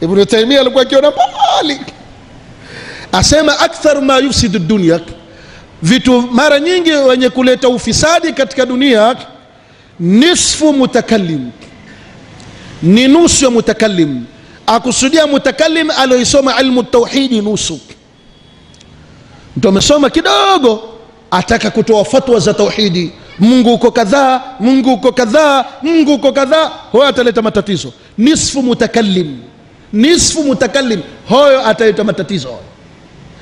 Ibnu Taimia alikuwa akiona mbali, asema akthar ma yufsidu dunia, vitu mara nyingi wenye kuleta ufisadi katika dunia nisfu mutakalim, ni nusu ya mutakalim. Akusudia mutakalim aliyoisoma ilmu tauhidi nusu, mtu amesoma kidogo, ataka kutoa fatwa za tauhidi Mungu uko kadhaa, Mungu uko kadhaa, Mungu uko kadhaa, huyo ataleta matatizo. Nisfu mutakallim nisfu mutakallim, hoyo ataleta matatizo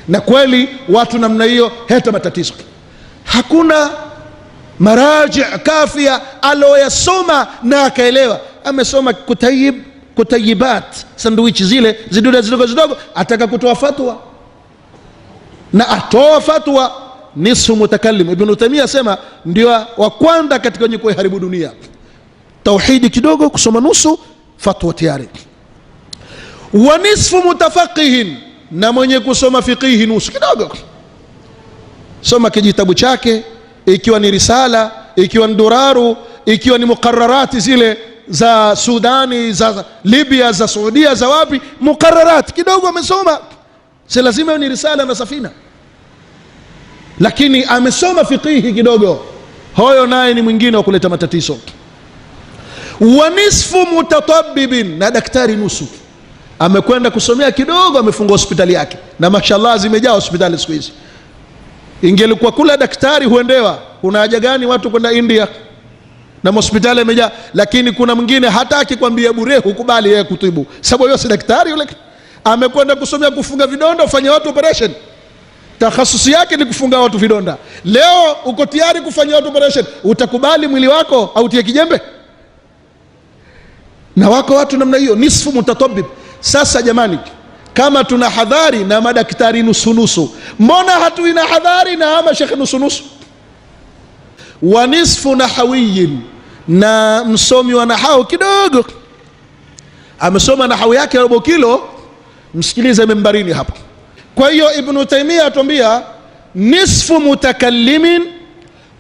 Na kweli watu namna hiyo heta matatizo. Hakuna maraji kafia aloyasoma na akaelewa. Amesoma kutayib, kutayibat sandwichi zile zidude zidogo zidogo, ataka kutoa fatwa na atoa fatwa nisfu mutakallim. Ibn Taymiyyah asema ndio wa kwanza katika wenye kuiharibu dunia. Tauhidi kidogo, kusoma nusu, fatwa tayari wa nisfu mutafaqihin, na mwenye kusoma fiqihi nusu kidogo. Soma kijitabu chake, ikiwa ni risala, ikiwa ni duraru, ikiwa ni mukararati zile za Sudani, za Libya, za Saudia, za wapi, mukararati kidogo amesoma. Si lazima ni risala na safina, lakini amesoma fiqihi kidogo, hoyo naye ni mwingine wa kuleta matatizo. Wa nisfu mutatabibin, na daktari nusu amekwenda kusomea kidogo, amefungua hospitali yake, na mashallah zimejaa hospitali siku hizi. Ingelikuwa kula daktari huendewa, kuna haja gani watu kwenda India na hospitali imejaa? Lakini kuna mwingine hata akikwambia bure hukubali yeye kutibu, sababu yeye si daktari yule, amekwenda kusomea kufunga vidonda, ufanya watu operation takhasusi yake ni kufunga watu vidonda. Leo uko tayari kufanya watu operation, utakubali mwili wako au tie kijembe? Na wako watu namna hiyo, nisfu mutatabib, sasa jamani, kama tuna hadhari na madaktari nusunusu, mbona hatuina hadhari na mashekhe nusunusu? Wa nisfu nahawiyin, na msomi wa nahau kidogo amesoma nahau yake robo kilo, msikilize membarini hapo. Kwa hiyo Ibnu Taimia atuambia nisfu mutakallimin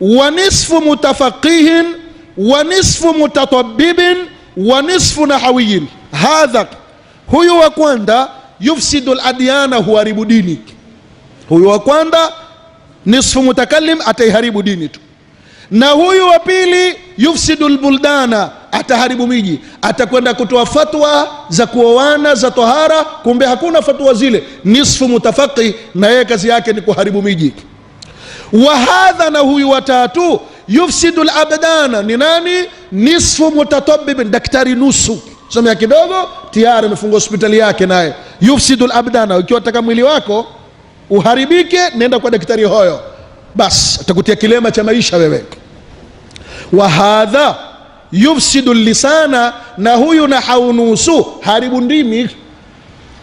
wa nisfu mutafaqihin wa nisfu mutatabibin wa nisfu nahawiyin hadha Huyu wa kwanza yufsidu ladyana huharibu dini. Huyu wa kwanza nisfu mutakallim, ataiharibu dini tu. Na huyu wa pili yufsidu lbuldana ataharibu miji, atakwenda kutoa fatwa za kuoana za tohara, kumbe hakuna fatwa zile. Nisfu mutafaqi, na yeye kazi yake ni kuharibu miji. Wa hadha, na huyu watatu yufsidu labdana ni nani? Nisfu mutatabibin, daktari nusu. Somea kidogo tayari amefunga hospitali yake, naye yufsidu labdana Ukiwa taka mwili wako uharibike, nenda kwa daktari hoyo, basi atakutia kilema cha maisha wewe. Wa hadha yufsidu lisana, na huyu na haunusu haribu ndimi.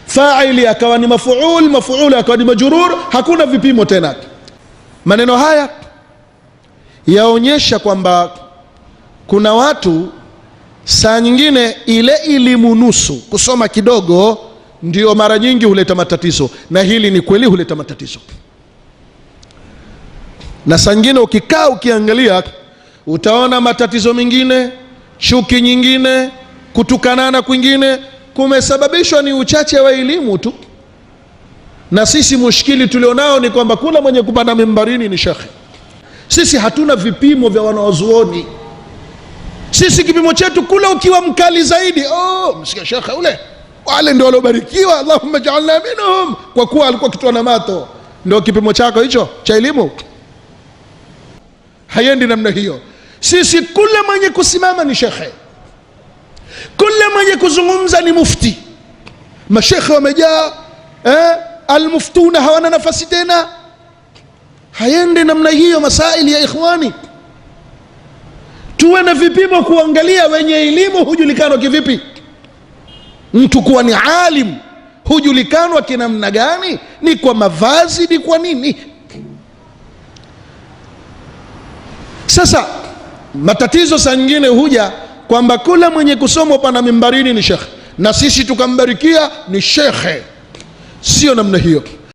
Faili akawa ni mafuul, mafuul akawa ni majurur, hakuna vipimo tena. Maneno haya yaonyesha kwamba kuna watu Saa nyingine ile elimu nusu, kusoma kidogo, ndio mara nyingi huleta matatizo, na hili ni kweli, huleta matatizo. Na saa nyingine ukikaa ukiangalia, utaona matatizo mengine, chuki nyingine, kutukanana kwingine kumesababishwa ni uchache wa elimu tu. Na sisi mushkili tulionao ni kwamba kula mwenye kupanda mimbarini ni shekhe. Sisi hatuna vipimo vya wanawazuoni sisi kipimo chetu kule ukiwa mkali zaidi, oh, msikia shekhe ule, wale ndio waliobarikiwa, Allahumma ja'alna minhum, kwa kuwa alikuwa kitoa na mato. Ndio kipimo chako hicho cha elimu? Hayendi namna hiyo. Sisi kule mwenye kusimama ni shekhe, kule mwenye kuzungumza ni mufti. Mashekhe wamejaa eh, almuftuna hawana nafasi tena. Hayendi namna hiyo masaili ya ikhwani tuwe na vipimo kuangalia wenye elimu hujulikanwa kivipi, mtu kuwa ni alim hujulikanwa kinamna gani? Ni kwa mavazi? Ni kwa nini? Sasa matatizo saa nyingine huja kwamba kula mwenye kusoma pana mimbarini ni shekhe, na sisi tukambarikia ni shekhe. Sio namna hiyo.